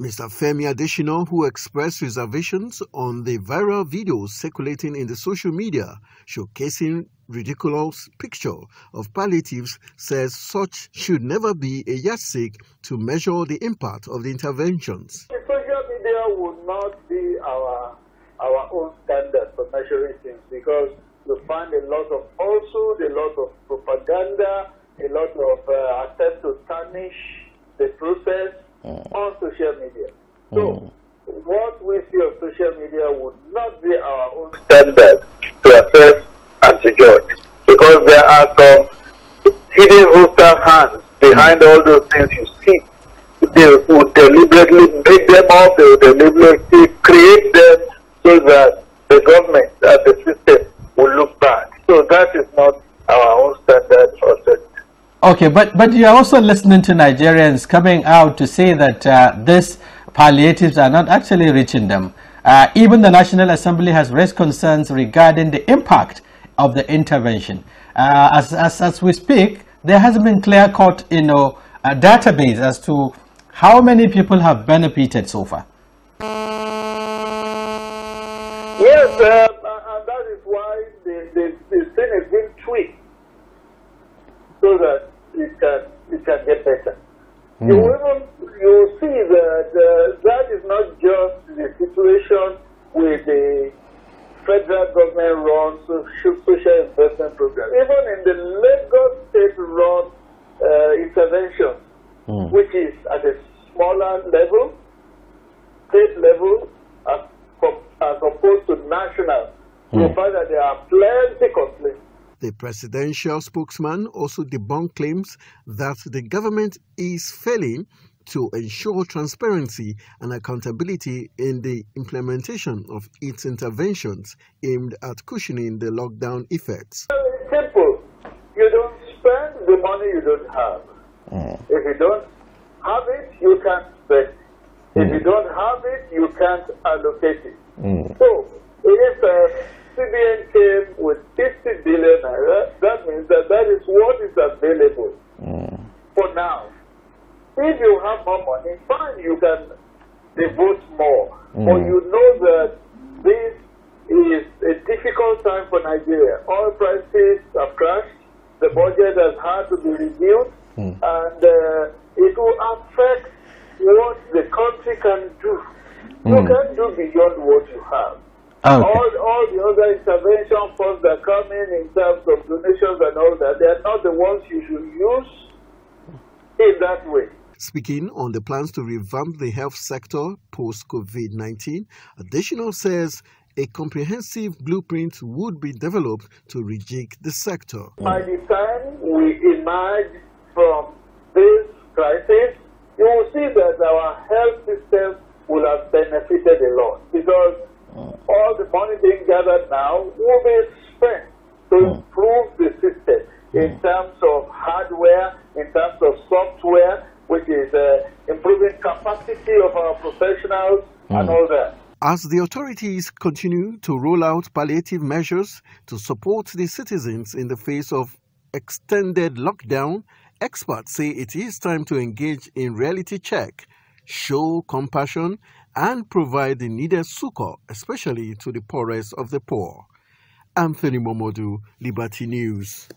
Mr. Femi Adesina, who expressed reservations on the viral videos circulating in the social media showcasing ridiculous picture of palliatives, says such should never be a yardstick to measure the impact of the interventions. The social media will not be our, our own standard for measuring things because you find a lot of falsehood, a lot of propaganda, a lot of uh, attempt to tarnish the process. Mm. So, mm. what we see on social media would not be our own standard to assess and to judge. Because there are some hidden hostile hands behind all those things you see. They would deliberately make them up. they would deliberately create them so that the government and the system will look bad. So that is not our own standard for judgment. Okay, but, but you're also listening to Nigerians coming out to say that uh, this palliatives are not actually reaching them. Uh, even the National Assembly has raised concerns regarding the impact of the intervention. Uh, as, as, as we speak, there hasn't been clear-cut you know, a database as to how many people have benefited so far. Yes, uh, uh and that is why the, the, the thing has been tweaked so that it can, it can get better. Mm. You hmm. even see that uh, that is not just the situation with the federal government run social investment program. Even in the Lagos state run uh, intervention, mm. which is at a smaller level, state level, as, as opposed to national, mm. you find that there are plenty complaints. The presidential spokesman also debunked claims that the government is failing to ensure transparency and accountability in the implementation of its interventions aimed at cushioning the lockdown effects. It's simple. You don't spend the money you don't have. Mm. If you don't have it, you can't spend If mm. you don't have it, you can't allocate it. Mm. So, if uh, CBN came with 50 billion that means that that is what is available mm. for now. If you have more money, fine, you can devote more. Mm. But you know that this is a difficult time for Nigeria. Oil prices have crashed. The budget has had to be reviewed. Mm. And uh, it will affect what the country can do. Mm. You hmm. can do beyond what you have. Ah, okay. all, all the other intervention funds that come in in terms of donations and all that, they are not the ones you should use in that way. Speaking on the plans to revamp the health sector post COVID 19, Additional says a comprehensive blueprint would be developed to rejig the sector. By the time we emerge from this crisis, you will see that our health system will have benefited a lot because all the money being gathered now will be spent to hmm. improve the system in terms of hardware, in terms of software, is uh, improving capacity of our professionals mm. and hmm. all that. As the authorities continue to roll out palliative measures to support the citizens in the face of extended lockdown, experts say it is time to engage in reality check, show compassion, and provide the needed succor, especially to the poorest of the poor. Anthony Momodu, Liberty News.